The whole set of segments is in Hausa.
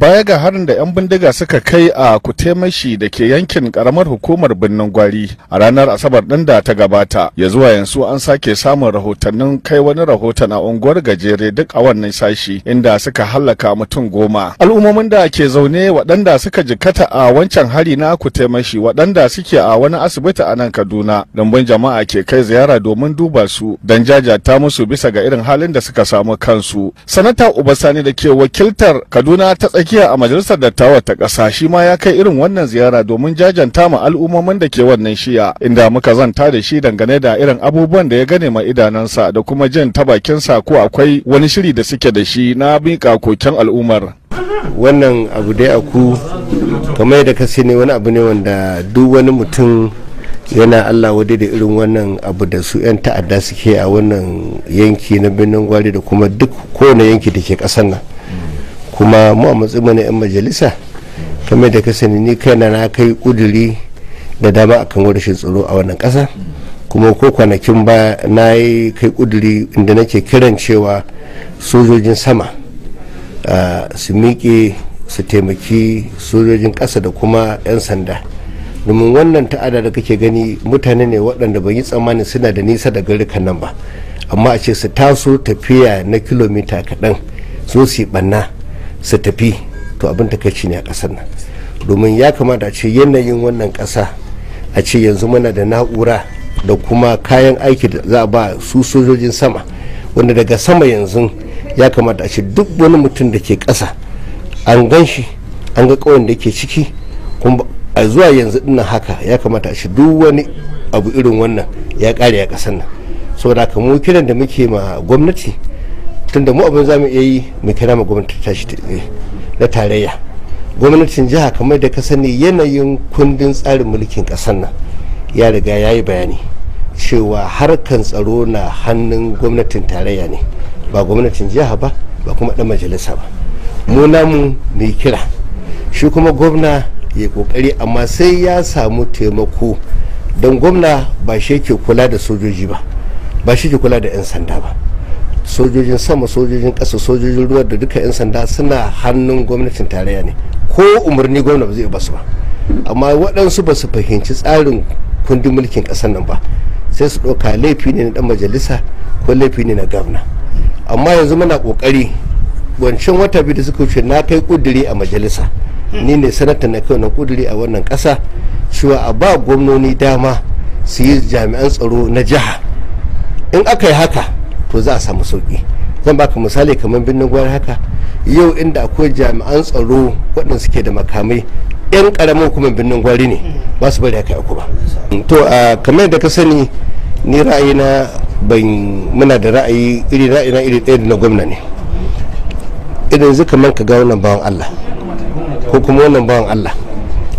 baya ga harin da 'yan bindiga suka kai a kutemashi da ke yankin karamar hukumar birnin gwari a ranar asabar ɗin da ta gabata ya zuwa yanzu an sake samun rahotannin kai wani rahoton a unguwar gajere duk a wannan sashi inda suka hallaka mutum goma al'ummomin da ke zaune waɗanda suka jikata a wancan hari na kutemashi waɗanda suke a wani asibiti a nan kaduna dambun jama'a ke kai ziyara domin duba su don jajata musu bisa ga irin halin da suka samu kansu sanata Uba Sani da ke wakiltar kaduna ta tsaki tsakiya a majalisar dattawa ta ƙasa shi ma ya kai irin wannan ziyara domin jajanta ma al'ummomin da ke wannan shiya inda muka zanta da shi dangane da irin abubuwan da ya gane ma idanunsa da kuma jin ta bakin sa ko akwai wani shiri da suke da shi na miƙa koken al'ummar. wannan abu dai aku kamar yadda ka ne wani abu ne wanda duk wani mutum yana allah wadai da irin wannan abu da su 'yan ta'adda suke a wannan yanki na birnin gwari da kuma duk kowane yanki da ke ƙasar nan kuma mu a matsayin wani 'yan majalisa kamar da ka sani ni kaina na kai kuduri da dama a akan rashin tsaro a wannan kasa kuma ko kwanakin ba na yi kai kuduri inda nake kiran cewa sojojin sama su miƙe su taimaki sojojin ƙasa da kuma 'yan sanda domin wannan ta'ada da kake gani mutane ne waɗanda ban yi tsammani suna da nisa da ka nan ba amma a ce su taso tafiya na kilomita kaɗan so su yi ɓanna su tafi to abin takaici ne a ƙasar nan domin ya kamata a ce yanayin wannan ƙasa a ce yanzu muna da na'ura da kuma kayan aiki da za a ba su sojojin sama wanda daga sama yanzu ya kamata a ce duk wani mutum da ke ƙasa an gan shi an ga ƙauyen da ke ciki kuma a zuwa yanzu dinnan haka ya kamata a ce duk wani abu irin wannan ya ƙare a ƙasar nan saboda kamar kiran da muke ma gwamnati tunda mu abin zamu iya yi mu kira ma gwamnati ta shi eh, na tarayya gwamnatin jiha kamar da ka sani yanayin kundin tsarin mulkin ƙasar nan ya riga ya yi bayani cewa harkan tsaro na hannun gwamnatin tarayya ne ba gwamnatin jiha ba ba kuma dan majalisa ba mu namu mai kira shi kuma gwamna ya kokari amma sai ya samu taimako don gwamna ba shi ke kula da sojoji ba ba shi ke kula da 'yan sanda ba sojojin sama sojojin ƙasa sojojin ruwa da duka 'yan sanda suna hannun gwamnatin tarayya ne ko umarni gwamna ba zai ba su ba amma waɗansu ba su fahimci tsarin kundin mulkin ƙasar nan ba sai su ɗauka laifi ne na ɗan majalisa ko laifi ne na gwamna amma yanzu muna ƙoƙari wancan wata biyu da suka wuce na kai kuduri a majalisa ni ne sanata na kai wannan kuduri a wannan ƙasa cewa a ba gwamnoni dama su yi jami'an tsaro na jiha in aka yi haka to za a samu sauki zan baka misali kamar birnin gwar haka yau inda akwai jami'an tsaro waɗanda suke da makamai yan karamin hukumar birnin gwari ne ba su bari haka yaku ba to kamar da ka sani ni ra'ayina ban muna da ra'ayi iri ra'ayina iri ɗaya na gwamna ne idan zai kamar ka ga wannan bawan Allah ko kuma wannan bawan Allah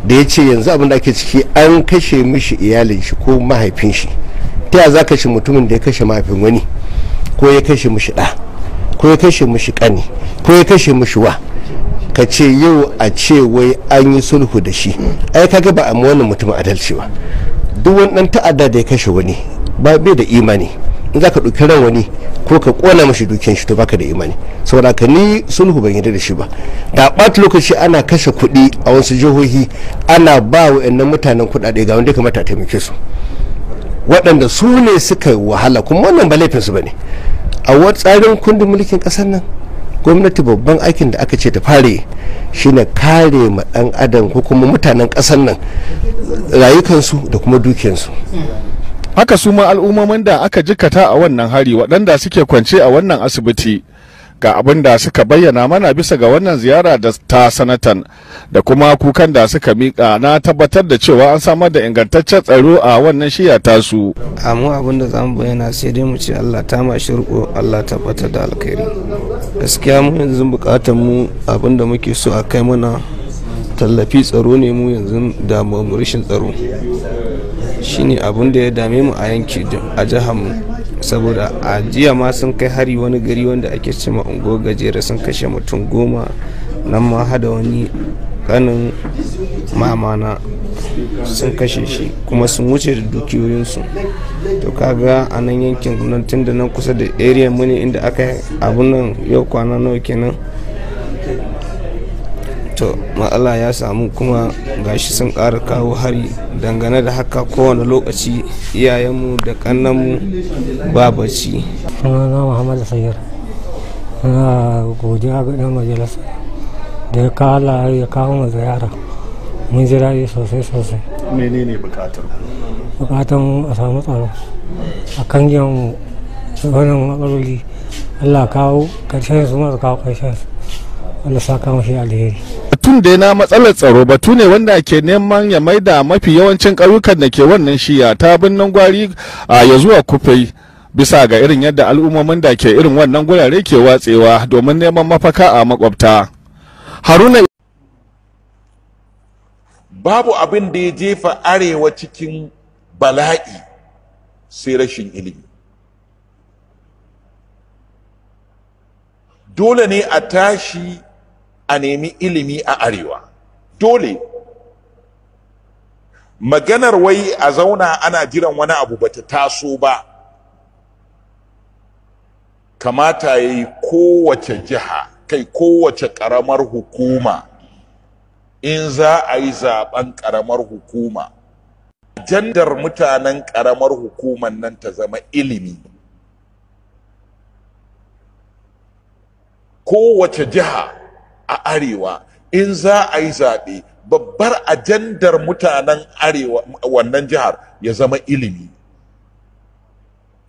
da ya ce yanzu abin da ake ciki an kashe mishi iyalin shi ko mahaifin shi ta ya za shi mutumin da ya kashe mahaifin wani ko ya kashe mushi ɗa ko ya kashe mushi ƙani ko ya kashe mushi wa ka ce yau a ce wai an yi sulhu da shi ai kaga ba a wannan mutum adalci ba duk wani ɗan ta'adda da ya kashe wani ba bai da imani in za ka ɗauki ran wani ko ka ƙona mashi dukiyan shi to baka da imani saboda ka ni sulhu ban yi da shi ba da ɓata lokaci ana kashe kuɗi a wasu jihohi ana ba wa mutanen kuɗaɗe ga wanda kamata a taimake su waɗanda su ne suka wahala kuma wannan ba laifinsu ba ne a wani tsarin kundin mulkin ƙasar nan gwamnati babban aikin da aka ce ta fare shine kare ma dan adam ko kuma mutanen ƙasar nan rayukansu da kuma dukiyansu haka su ma al'ummomin da aka jikata a wannan hari waɗanda suke kwance a wannan asibiti ga abin da suka bayyana mana bisa ga wannan ziyara da ta sanatan da kuma kukan da suka mika na tabbatar da cewa an samar da ingantaccen tsaro a wannan shiya tasu amma abin da zamu bayyana sai dai mu ce Allah ta ma shirko Allah tabbatar da alkhairi gaskiya mu yanzu bukatar mu abin da muke so a kai mana tallafi tsaro ne mu yanzu da rashin tsaro shine abin da ya dame mu a yanki a jihar mu saboda a jiya ma sun kai hari wani gari wanda ake cima ungo gajere sun kashe mutum goma nan ma hada wani kanin mamana sun kashe shi kuma sun wuce da dukiyoyinsu to kaga a nan yankin nan tun da nan kusa da area mu inda aka abun nan yau kwana nawa kenan to matsala ya samu kuma gashi sun ƙara kawo hari dangane da haka kowane lokaci iyayenmu da kannanmu ba bacci sunana muhammadu sayar na godiya ga ɗan majalisa da ya kawo ya kawo mu ziyara mun ji daɗi sosai sosai menene bukatar bukatar a samu tsaro a kan mu wani matsaloli allah kawo karshen su masu kawo karshen su Allah saka mashi alheri tun da na matsalar tsaro batu ne wanda ke neman ya maida mafi yawancin ƙauyukan da ke wannan shiya ta birnin gwari a ya zuwa kufai bisa ga irin yadda al'ummomin da ke irin wannan gurare ke watsewa domin neman mafaka a makwabta haruna babu abin da ya jefa arewa cikin bala'i sai rashin ilimi dole ne a tashi a nemi ilimi a arewa dole maganar wai a zauna ana jiran wani abu bata taso ba kamata ya yi kowace jiha kai kowace ƙaramar hukuma in za a yi zaben ƙaramar hukuma jandar mutanen ƙaramar hukumar nan ta zama ilimi kowace jiha a arewa in za a yi zaɓe babbar ajandar mutanen arewa wannan jihar ya zama ilimi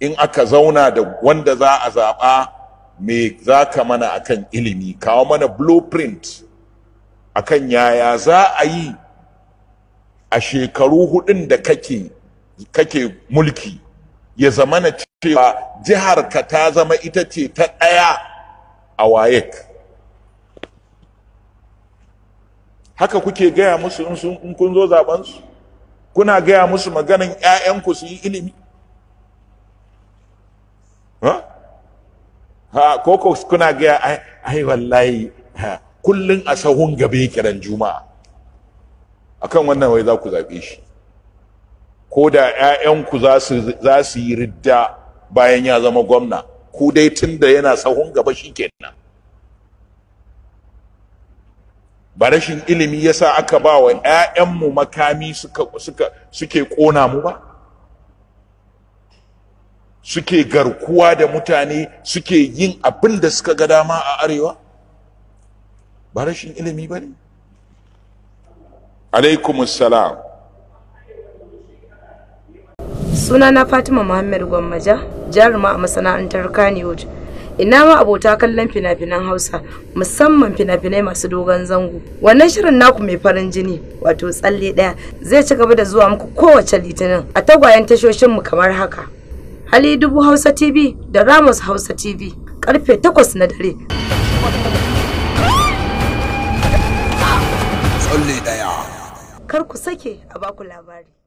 in aka zauna da wanda za a zaɓa me za ka mana akan ilimi kawo mana blueprint akan yaya za a yi a shekaru hudun da kake mulki ya zama na cewa jihar ka ta zama ita ce ta ɗaya a wayek haka kuke gaya musu in kun zo su kuna gaya musu maganan 'ya'yanku su yi ilimi ha ko kuna gaya ai wallahi kullum a sahun gabe kiran juma'a akan wannan wai za ku zaɓe shi ko da ku za su yi ridda bayan ya zama gwamna ku dai tunda yana sahun gaba shi kenan ba rashin ilimi yasa aka ba wa 'ya'yanmu makami suke kona mu ba suke garkuwa da mutane suke yin abin da suka ga dama a arewa ba rashin ilimi ba ne Suna na fatima muhammad gwammaja jaruma a masana'antar Kaniwood. ina ma abota kallon fina-finan hausa musamman fina-finai masu dogon zango wannan shirin naku mai farin jini wato tsalle ɗaya zai ci gaba da zuwa muku kowace litinin a tagwayen tashoshinmu kamar haka hali dubu hausa tv da ramos hausa tv karfe 8 na dare tsalle ɗaya kar ku sake a baku labari